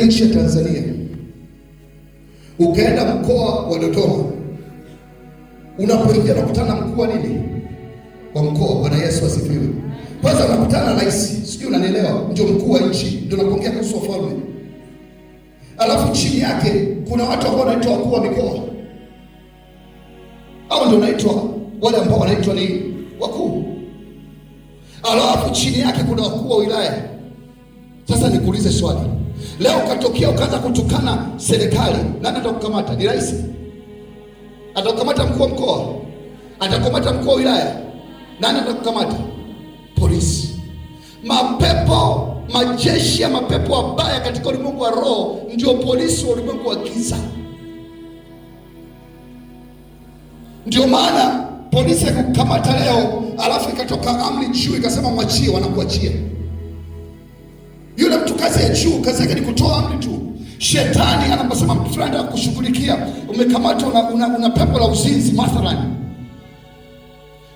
katika nchi ya Tanzania, ukaenda mkoa wa Dodoma, unapoingia unakutana mkuu wa nini wa mkoa. Bwana Yesu asifiwe. Kwanza unakutana rais, sijui unanielewa, ndio mkuu wa nchi, ndio nakuongea kuhusu wafalme. Alafu chini yake kuna watu ambao wanaitwa wakuu wa mikoa, au ndio naitwa wale ambao wanaitwa ni wakuu. Alafu chini yake kuna wakuu wa wilaya. Sasa nikuulize swali Leo ukatokea ukaanza kutukana serikali, nani atakukamata? Ni rais atakukamata? Mkuu wa mkoa atakukamata? Mkuu wa wilaya? Nani atakukamata? Polisi. Mapepo, majeshi ya mapepo wabaya katika ulimwengu wa roho ndio polisi wa ulimwengu wa giza. Ndio maana polisi akukamata leo, alafu ikatoka amri juu ikasema mwachie, wanakuachia yule mtu kazi ya juu, kazi yake ni kutoa amri tu. Shetani anaposema mtu fulani kushughulikia umekamatwa una, una, una pepo la uzinzi mathalani,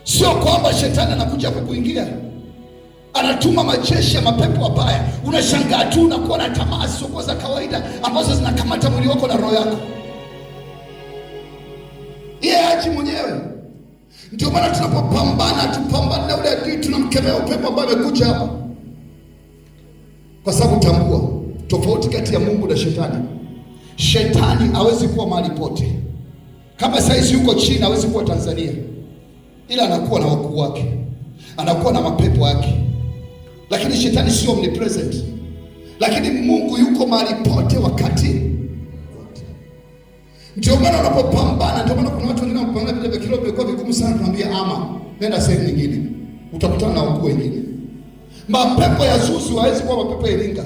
sio kwamba shetani anakuja kukuingia, anatuma majeshi ya mapepo mabaya. Unashangaa tu unakuwa na tamaa zisizokuwa za kawaida ambazo zinakamata mwili wako na roho yako, yeye aji mwenyewe. Ndio maana tunapopambana, tupambane na ule adui, tunamkemea upepo ambaye amekuja hapa kwa sababu tambua tofauti kati ya Mungu na shetani. Shetani hawezi kuwa mahali pote. Kama saizi yuko China hawezi kuwa Tanzania, ila anakuwa na wakuu wake, anakuwa na mapepo yake, lakini shetani sio omnipresent. Lakini Mungu yuko mahali pote, wakati ndio maana unapopambana. Ndio maana kuna watu wengine wanapambana vile vya kiroho, vimekuwa vigumu sana. Tunaambia ama nenda sehemu nyingine, utakutana na wakuu wengine Mapepo ya Susu hawezi kuwa mapepo ya Iringa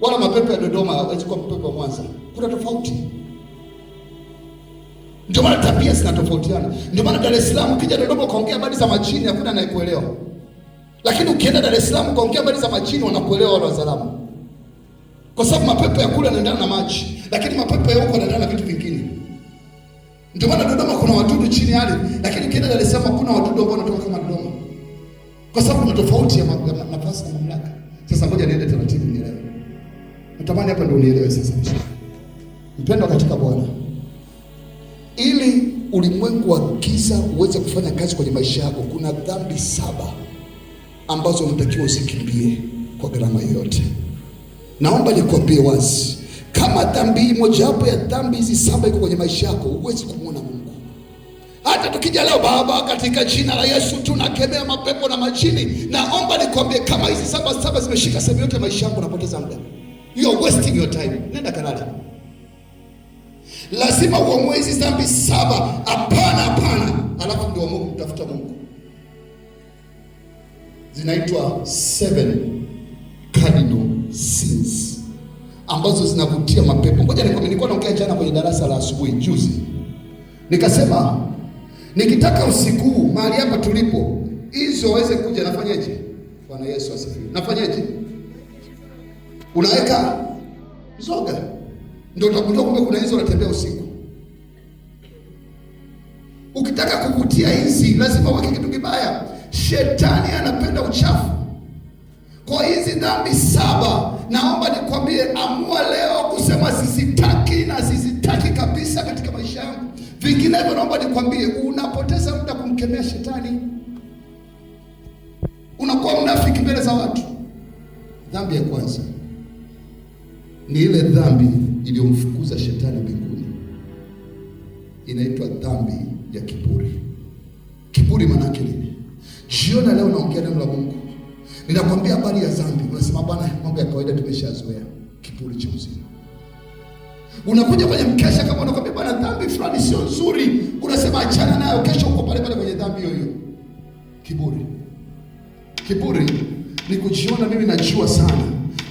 wala mapepo ya Dodoma hawezi kuwa mapepo ya Mwanza. Kuna tofauti, ndio maana tabia zinatofautiana. Ndio maana Dar es Salaam, ukija Dodoma ukaongea habari za machini, hakuna anayekuelewa, lakini ukienda Dar es Salaam ukaongea habari za machini, wanakuelewa wale wazalamu, kwa sababu mapepo ya kule yanaendana na maji, lakini mapepo ya huko yanaendana na vitu vingine. Ndio maana Dodoma kuna wadudu chini ya ardhi, lakini ukienda Dar es Salaam kuna wadudu ambao wanatoka kama Dodoma kwa sababu ni tofauti ya nafasi na mamlaka. Sasa ngoja niende taratibu nielewe. Natamani hapa ndio unielewe sasa. Mpendwa katika Bwana, ili ulimwengu wa giza uweze kufanya kazi kwenye maisha yako, kuna dhambi saba ambazo unatakiwa usikimbie kwa gharama yoyote. Naomba nikuambie wazi, kama dhambi mojawapo ya dhambi hizi saba iko kwenye maisha yako, huwezi kumwona hata tukija leo Baba, katika jina la Yesu tunakemea mapepo na majini. Naomba nikwambie, kama hizi saba saba zimeshika sehemu yote maisha yako, unapoteza muda, you are wasting your time. Nenda kalale. Lazima uamue hizi dhambi saba. Hapana, hapana, alafu ndio Mungu, mtafuta Mungu. Zinaitwa seven cardinal sins ambazo zinavutia mapepo. Ngoja nikwambie, nilikuwa naongea jana kwenye darasa la asubuhi juzi, nikasema Nikitaka usiku mahali hapa tulipo hizo waweze kuja, nafanyaje? Bwana Yesu asifiwe. Nafanyaje? Unaweka mzoga, ndio utakuta kumbe kuna hizo unatembea usiku. Ukitaka kuvutia hizi lazima uweke kitu kibaya. Shetani anapenda uchafu. Kwa hizi dhambi saba, naomba nikwambie, amua leo kusema sizitaki na sizitaki kabisa katika maisha yangu. Vinginevyo naomba nikwambie, unapoteza muda kumkemea shetani, unakuwa mnafiki mbele za watu. Dhambi ya kwanza ni ile dhambi iliyomfukuza shetani mbinguni, inaitwa dhambi ya kiburi. Kiburi maanake nini? Jiona leo naongea neno la Mungu, ninakwambia habari ya dhambi, unasema bwana, mambo ya kawaida tumeshazoea. Kiburi cha uzima Unakuja kwenye mkesha, kama unakwambia bwana, dhambi fulani sio nzuri, unasema achana nayo, kesho uko pale pale kwenye dhambi hiyo Kiburi. Kiburi ni kujiona mimi najua sana.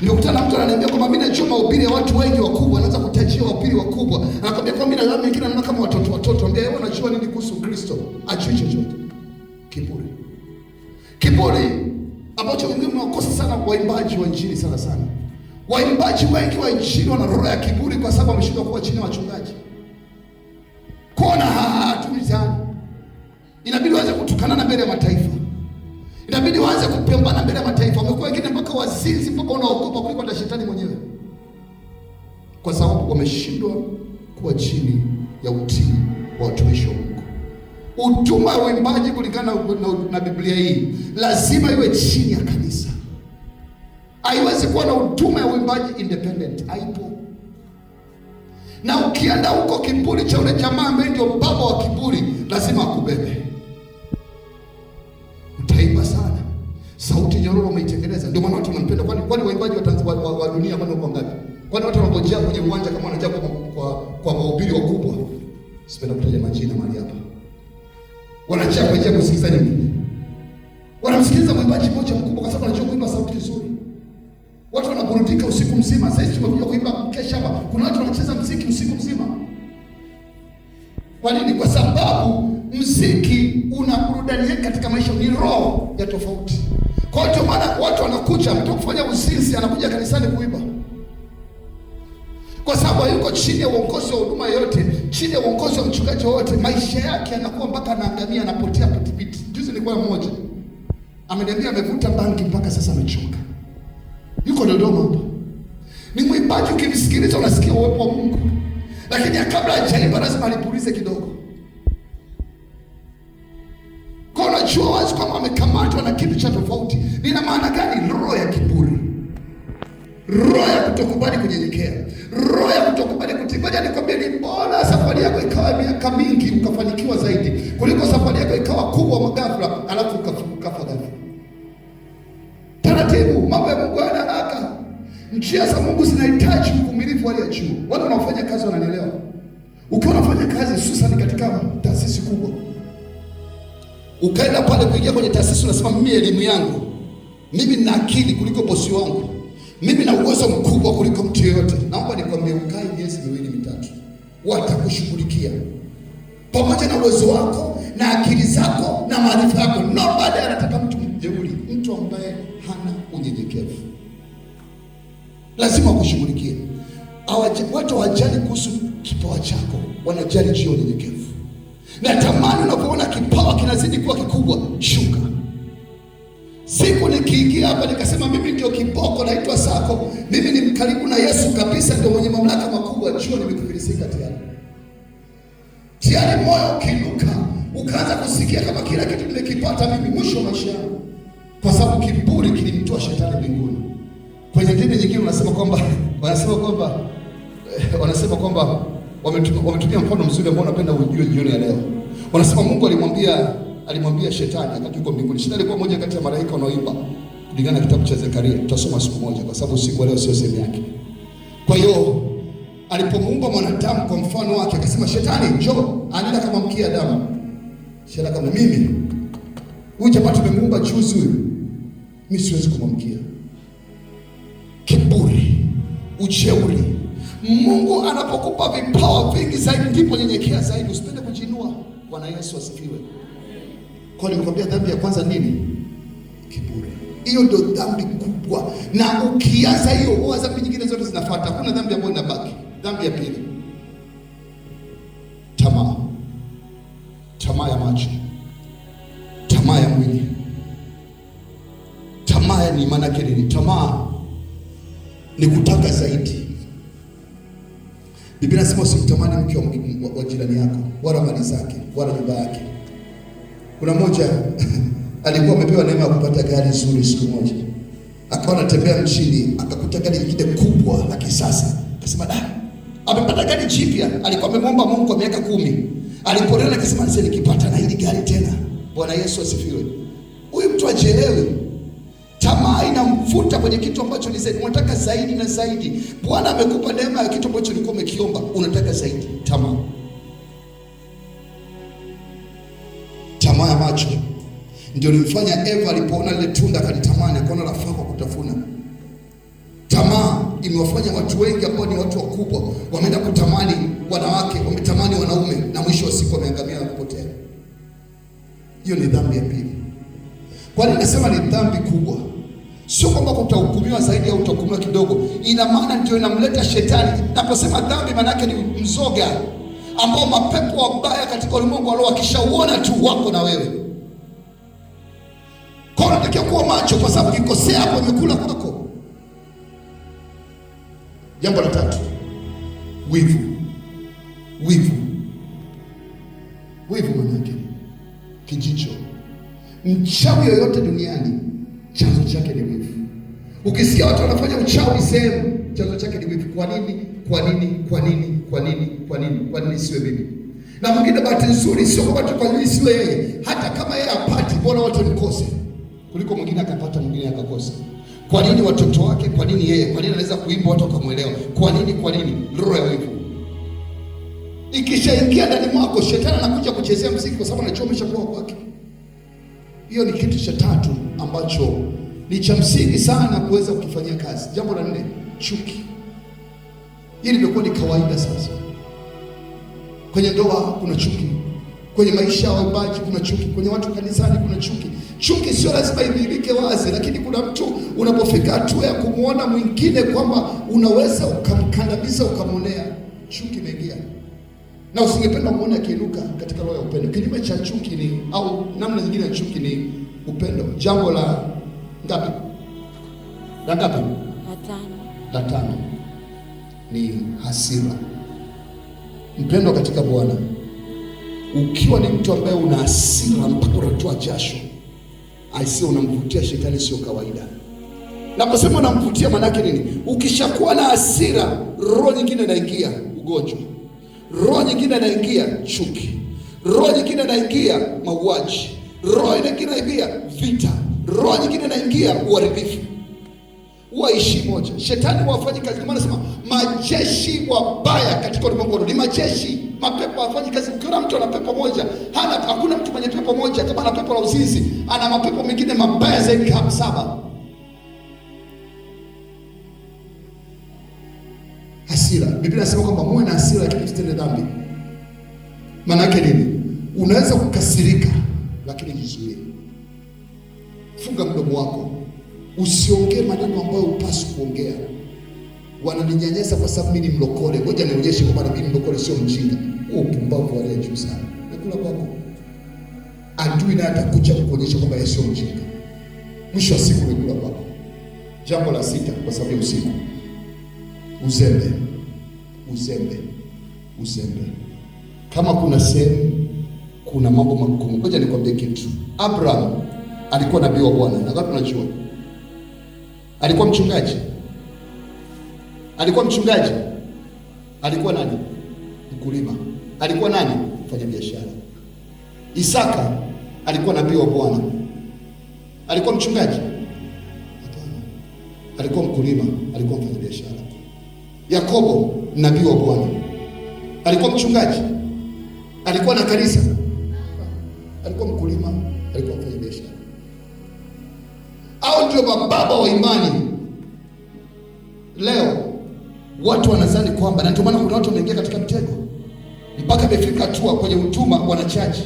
Nimekutana na mtu ananiambia kwamba mimi najua mahubiri ya watu wengi wakubwa, anaanza kutajia wahubiri wakubwa, anakwambia kwamba mimi nyingine wengine kama watoto watoto, ambia wewe unajua nini kuhusu Kristo? Ajui chochote. Kiburi. Kiburi ambacho wengine mnakosa sana waimbaji wa injili sana sana Waimbaji wengi wa injili wana roho ya kiburi kwa sababu wameshindwa kuwa chini ya wachungaji. Kona hatulizani, inabidi waanze kutukanana mbele ya mataifa, inabidi waanze kupembana mbele ya mataifa. Wamekuwa wengine mpaka wazinzi, mpaka unaogopa kuliko hata shetani mwenyewe, kwa sababu wameshindwa kuwa chini ya utii wa watumishi wa Mungu. Utuma wa uimbaji kulingana na Biblia hii lazima iwe chini ya kanisa. Haiwezi kuwa na utume wa uimbaji independent, haipo. Na ukienda huko kiburi cha ule jamaa ambaye ndio baba wa kiburi, lazima akubebe. Utaimba sana, sauti nyororo umeitengeneza. Ndio maana watu wanampenda. Kwani kwani waimbaji wa, Tanzania wa, wa dunia kwani wako ngapi? Kwani watu wanangojea kwenye uwanja kama wanajaa kwa kwa, kwa mahubiri wakubwa? Sipenda kutaja majina mahali hapa. Wanajaa kwa ajili ya kusikiliza nini? Wanamsikiliza mwimbaji mmoja mkubwa kwa sababu anajua kuimba sauti nzuri wanaburudika usiku mzima. Sasa hivi tumekuja kuimba mkesha hapa, kuna watu wanacheza mziki usiku mzima. Kwa nini? Kwa sababu mziki una burudani yake katika maisha, ni roho ya tofauti. Kwa hiyo maana watu wanakuja, mtu kufanya uzinzi anakuja kanisani kuimba kwa sababu hayuko chini ya uongozi wa huduma yoyote, chini ya uongozi wa mchungaji wowote, maisha yake yanakuwa mpaka anaangamia, anapotea pitipiti. Juzi nilikuwa mmoja ameniambia amevuta bangi mpaka sasa amechoka yuko Dodoma hapa, ni mwimbaji. Ukimsikiliza unasikia uwepo wa Mungu, lakini kabla hajaimba lazima alipulize kidogo, kwa unajua wazi kwamba amekamatwa na kitu cha tofauti. Nina maana gani? Roho ya kiburi, roho ya kutokubali kunyenyekea, roho ya kutokubali kutingoja. Nikwambie, ni mbona safari yako ikawa miaka mingi ukafanikiwa zaidi kuliko safari yako ikawa kubwa maghafla, alafu ukafa ghafla. Taratibu mambo ya Mungu Njia za Mungu zinahitaji uvumilivu wa juu. Watu wanaofanya kazi wananielewa. Ukiwa unafanya kazi hususan katika taasisi kubwa, ukaenda pale kuingia kwenye taasisi, unasema mimi elimu yangu, mimi na akili kuliko bosi wangu, mimi na uwezo mkubwa kuliko mtu yeyote, naomba nikwambie, ukae miezi miwili mitatu, watakushughulikia pamoja na uwezo wako na akili zako na maarifa yako. Nobody anataka mtu lazima wakushughulikie. Watu hawajali kuhusu kipawa chako, wanajali juu ya unyenyekevu. Na tamani unapoona kipawa kinazidi kuwa kikubwa, shuka. Siku nikiingia hapa nikasema, mimi ndio kiboko, naitwa Sako, mimi ni mkaribu na Yesu kabisa, ndio mwenye mamlaka makubwa, jua nimekufilisika tayari tiari moyo ukinuka, ukaanza kusikia kama kila kitu nimekipata mimi, mwisho wa maisha yangu, kwa sababu kiburi kilimtoa shetani mbinguni kwenye dini nyingine wanasema kwamba wanasema kwamba eh, wanasema kwamba wametumia mfano mzuri ambao napenda ujue jioni ya leo. Wanasema Mungu alimwambia alimwambia shetani akati yuko mbinguni. Shetani alikuwa mmoja kati ya malaika wanaoimba kulingana na kitabu cha Zekaria. Tutasoma siku moja kwa sababu siku leo sio sehemu yake. Kwa hiyo alipomuumba mwanadamu kwa mfano wake akasema shetani njoo, anaenda kama mkia Adamu. Shetani kama mimi. Huyu chapati nimemuumba juzi huyu. Mimi siwezi kumwamkia ujeuri. Mungu anapokupa vipawa vingi zaidi, ndipo nyenyekea zaidi, usipende kujinua. Bwana Yesu asifiwe. Kwa nilikwambia dhambi ya kwanza nini? Kiburi. Hiyo ndio dhambi kubwa, na ukianza hiyo huwa dhambi nyingine zote zinafuata. Hakuna dhambi ambayo inabaki. Dhambi ya pili, tamaa. Tamaa ya macho, tamaa ya mwili, tamaa ni maana yake nini? Tamaa ni kutaka zaidi. Biblia inasema usimtamani mke wa jirani yako wala mali zake wala nyumba yake. Kuna mmoja alikuwa amepewa neema ya kupata gari zuri Siku moja akawa anatembea mchini, akakuta gari lingine kubwa la kisasa, akasema da, amepata gari jipya. Alikuwa amemwomba Mungu kwa miaka kumi, alipolela akasema nikipata na hili gari tena. Bwana Yesu asifiwe. Huyu mtu achelewe. Tamaa inamfuta kwenye kitu ambacho ni zaidi, unataka zaidi na zaidi. Bwana amekupa neema ya kitu ambacho ulikuwa umekiomba, unataka zaidi. Tamaa, tamaa ya macho ndio limfanya Eva alipoona lile tunda akalitamani, akaona lafaa kwa kutafuna. Tamaa imewafanya watu wengi ambao ni watu wakubwa wameenda kutamani wanawake, wametamani wanaume, na mwisho wa siku wameangamia na kupotea. Hiyo ni dhambi ya pili. Kwa nini nasema ni dhambi kubwa? Sio kwamba utahukumiwa zaidi au utahukumiwa kidogo, ina maana ndio inamleta shetani. Naposema dhambi, maana yake ni mzoga ambao mapepo wabaya katika ulimwengu roho wakishauona tu wako na wewe. Kwa hiyo unatakiwa kuwa macho, kwa sababu kikosea hapo umekula kwako. Jambo la tatu, wivu. Wivu, wivu maana yake kijicho. Mchawi yoyote duniani chanzo chake ni wivu. Ukisikia watu wanafanya uchawi sehemu, chanzo chake ni wivu. Kwa nini? Kwa nini? Kwa nini? Kwa nini? Kwa nini? Kwa nini siwe mimi? Na mwingine bahati nzuri sio kwamba tu kwa nini siwe yeye, hata kama yeye apati, bora watu nikose kuliko mwingine akapata, mwingine akakosa. Kwa nini watoto wake? Kwa nini yeye? Kwa nini anaweza kuimba watu wakamwelewa? Kwa nini? Kwa nini? Roho ya wivu ikishaingia ndani mwako, shetani anakuja kuchezea mziki, kwa sababu anachomesha kwa kwake. Hiyo ni kitu cha tatu ambacho ni cha msingi sana kuweza kukifanyia kazi. Jambo la nne, chuki. Hii limekuwa ni kawaida sasa. Kwenye ndoa kuna chuki, kwenye maisha ya waimbaji kuna chuki, kwenye watu kanisani kuna chuki. Chuki sio lazima idhihirike wazi, lakini kuna mtu unapofika hatua ya kumwona mwingine kwamba unaweza ukamkandamiza, ukamonea, chuki imeingia na usingependa kuona akiinuka katika roho ya upendo. Kinyume cha chuki ni au namna nyingine ya chuki ni upendo. Jambo la ngapi? La ngapi? La tano ni hasira. Mpendo katika Bwana, ukiwa ni mtu ambaye una hasira mpaka unatoa jasho, aisee, unamvutia shetani, sio kawaida. kusema unamvutia, maanake nini? Ukishakuwa na hasira, roho nyingine inaingia, ugonjwa roho nyingine inaingia chuki, roho nyingine inaingia mauaji, roho nyingine inaingia vita, roho nyingine inaingia uharibifu. Waishi moja, shetani wafanyi kazi. Ndio maana nasema majeshi wabaya katika ulimwengu ni majeshi mapepo hafanyi kazi. Ukiona mtu ana pepo moja, hana hakuna mtu mwenye pepo moja. Kama ana pepo la uzinzi, ana mapepo mengine mabaya zaidi kama saba. hasira. Biblia inasema kwamba muwe na hasira lakini msitende dhambi. Maana yake nini? Unaweza kukasirika lakini jizuie. Funga mdomo wako, usiongee maneno ambayo hupaswi kuongea. Wananinyanyasa kwa sababu mimi ni mlokole. Ngoja nionyeshe kwamba mimi mlokole, sio mjinga. Huo upumbavu wa juu sana, nakula kwako. Adui naye atakuja kukuonyesha kwamba yeye sio mjinga. Mwisho wa siku, nakula kwako. Jambo la sita, kwa sababu ya usiku uzembe, uzembe, uzembe. Kama kuna sehemu kuna mambo magumu, ngoja nikwambie kitu. Abraham alikuwa nabii wa Bwana, nadhani tunajua alikuwa mchungaji, alikuwa mchungaji, alikuwa nani? Mkulima, alikuwa nani? Mfanya biashara. Isaka alikuwa nabii wa Bwana, alikuwa mchungaji? Hapana, alikuwa mkulima, alikuwa mfanya biashara. Yakobo nabii wa Bwana alikuwa mchungaji, alikuwa na kanisa, alikuwa mkulima, alikuwa mfanya biashara. Au ndio mababa wa imani. Leo watu wanazani kwamba, na ndio maana kuna watu wameingia katika mtego mpaka imefika hatua kwenye utuma wanachaji.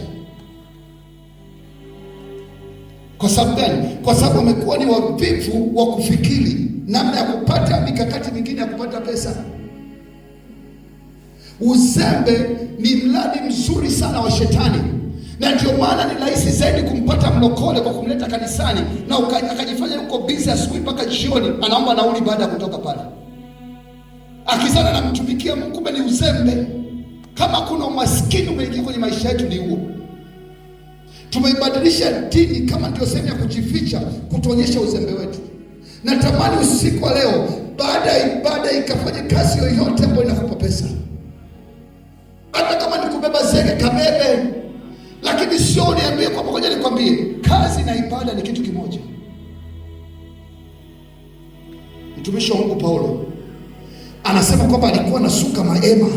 Kwa sababu gani? Kwa sababu wamekuwa ni wavivu wa kufikiri namna ya kupata mikakati mingine ya kupata pesa. Uzembe ni mradi mzuri sana wa Shetani, na ndio maana ni rahisi zaidi kumpata mlokole kwa kumleta kanisani na akajifanya yuko busy asubuhi mpaka jioni, anaomba nauli baada ya kutoka pale, akizana na mtumikia Mungu. Kumbe ni uzembe. Kama kuna umaskini umeingia kwenye maisha yetu, ni huo. Tumeibadilisha dini kama ndio sehemu ya kujificha, kutuonyesha uzembe wetu. Natamani usiku wa leo, baada ya ibada, ikafanya kazi yoyote ambayo inakupa pesa, hata kama ni kubeba zege kabebe, lakini sio uniambie kwa pamoja. Nikwambie, kazi na ibada ni kitu kimoja. Mtumishi wa Mungu Paulo anasema kwamba alikuwa anasuka mahema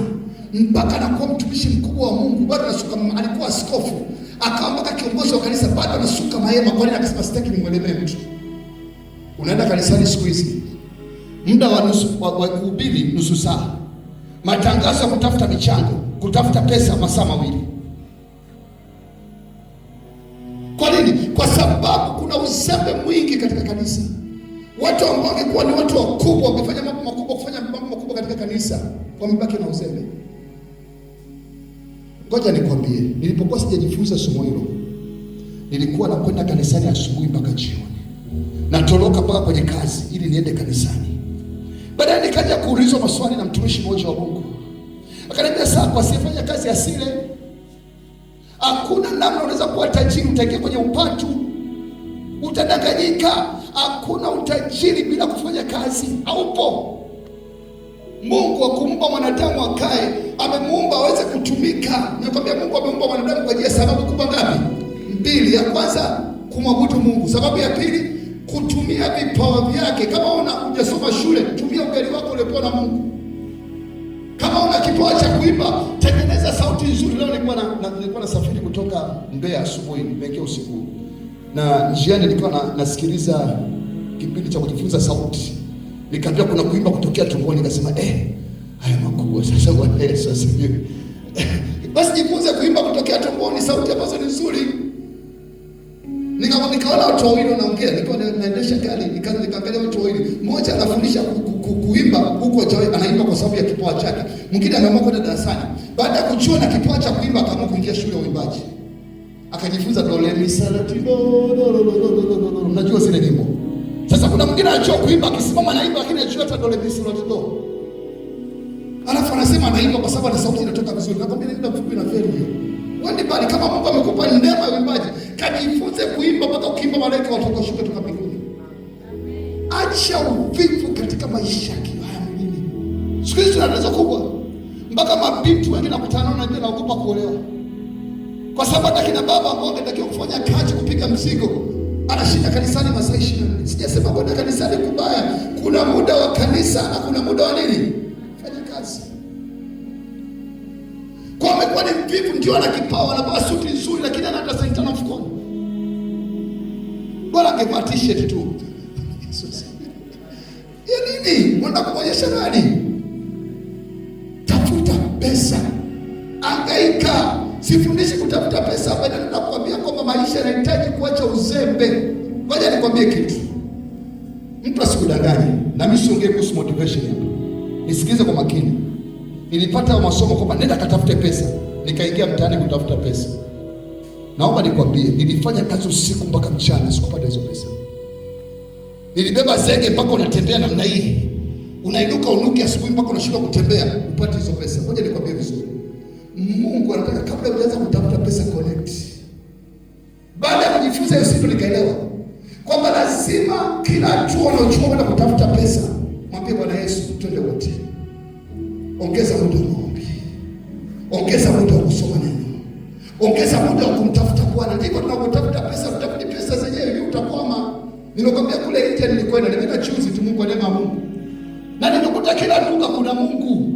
mpaka anakuwa mtumishi mkubwa wa Mungu, bado anasuka. Alikuwa askofu akawa mpaka kiongozi wa kanisa, bado anasuka mahema. Kwa nini? Akasema sitaki nimwelemee mtu Unaenda kanisani siku hizi, muda wa nusu wa kuhubiri nusu saa, matangazo ya kutafuta michango, kutafuta pesa, masaa mawili. Kwa nini? Kwa sababu kuna uzembe mwingi katika kanisa. Watu ambao wangekuwa ni watu wakubwa, wangefanya mambo makubwa, kufanya mambo makubwa katika kanisa, wamebaki na uzembe. Ngoja nikwambie, nilipokuwa sijajifunza somo hilo, nilikuwa nakwenda kanisani asubuhi mpaka jioni natoroka mpaka kwenye kazi ili niende kanisani. Baadaye nikaja kuulizwa maswali na mtumishi mmoja wa Mungu, akaniambia kwa asiyefanya kazi asile. Hakuna namna unaweza kuwa tajiri, utaingia kwenye upatu, utadanganyika. Hakuna utajiri bila kufanya kazi, haupo. Mungu akumpa mwanadamu akae, amemuumba aweze kutumika. Nakwambia Mungu ameumba mwanadamu kwa ajili ya sababu kubwa ngapi? Mbili. Ya kwanza kumwabudu Mungu, sababu ya pili kutumia vipawa vyake. Kama una hujasoma shule, tumia ugali wako uliopewa na Mungu. Kama una kipawa cha kuimba, tengeneza sauti nzuri. Leo nilikuwa na, na nilikuwa nasafiri kutoka Mbeya asubuhi nimekea usiku, na njiani nilikuwa na, nasikiliza kipindi cha kujifunza sauti, nikaambia kuna kuimba kutokea tumboni, nikasema eh, haya makubwa sasa. Bwana Yesu asifiwe. Basi jifunze kuimba kutokea tumboni, sauti ambazo ni nzuri. Nika nikaona watu wawili wanaongea, nilikuwa naendesha gari, nikaanza nikaangalia watu wawili. Mmoja anafundisha kuimba huko jawi, anaimba kwa sababu ya kipawa chake. Mwingine ameamua kwenda darasani. Baada ya kuchua na kipawa cha kuimba, akaamua kuingia shule ya uimbaji. Akajifunza do re mi sa la ti do do do do do do. Mnajua zile nyimbo. Sasa kuna mwingine anachua kuimba, akisimama naimba, lakini anachua hata do re mi sa la ti do. Alafu anasema anaimba kwa sababu ana sauti inatoka vizuri. Nakwambia ni muda mfupi na feli hiyo. Wende bali kama Mungu amekupa neema ya uimbaji, kajifunze kuimba mpaka ukiimba malaika watotoshuka toka mbinguni. Acha uvivu katika maisha yako haya mimi. Siku hizi tunaweza kubwa mpaka mabinti wengi nakutana na ndio naogopa kuolewa. Kwa sababu hata kina baba ambao wanatakiwa kufanya kazi kupiga mzigo anashinda kanisani masaa 24. Sijasema kwenda kanisani kubaya. Kuna muda wa kanisa na kuna muda wa nini? ndio ana kipawa, anavaa suti nzuri, lakini ana hata senti tano mfukoni, bora angevaa t-shirt tu ya nini? Wenda kuonyesha nani? Tafuta pesa, angaika. Sifundishi kutafuta pesa, hapa, bali ninakwambia kwamba maisha yanahitaji kuacha uzembe. Ngoja nikwambie kitu, mtu asikudanganye. Na mimi siongee kuhusu motivation hapa, nisikilize kwa makini. Nilipata masomo kwamba nenda katafute pesa nikaingia mtaani kutafuta pesa. Naomba nikwambie, nilifanya kazi usiku mpaka mchana, sikupata hizo pesa. Nilibeba zege mpaka unatembea namna hii, unainuka unuke asubuhi mpaka unashindwa kutembea upate hizo pesa. Ngoja nikwambie vizuri, Mungu anataka kabla ujaanza kutafuta pesa connect. Baada ya kujifunza hiyo siku, nikaelewa kwamba lazima kila tu unaochukua kwenda kutafuta pesa, mwambie Bwana Yesu, twende wote, ongeza muda ongeza muda wa kusoma neno, ongeza muda wa kumtafuta Bwana. Ndivyo tunavyotafuta pesa, tutafuti pesa zenyewe. Hivi utakwama. Nilikwambia kule India nilikwenda, nimeenda chuzi tu, Mungu anema Mungu, na nilikuta kila duka kuna Mungu.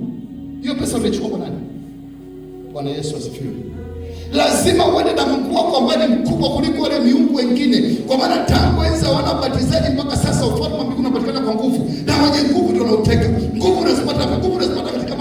Hiyo pesa umechukua kwa nani? Bwana Yesu asifiwe. Lazima uende na Mungu wako ambaye ni mkubwa kuliko wale miungu wengine, kwa maana tangu enzi wana wabatizaji mpaka sasa ufalme wa mbinguni unapatikana kwa nguvu, na wenye nguvu ndio wanauteka. Nguvu unazipata, nguvu unazipata katika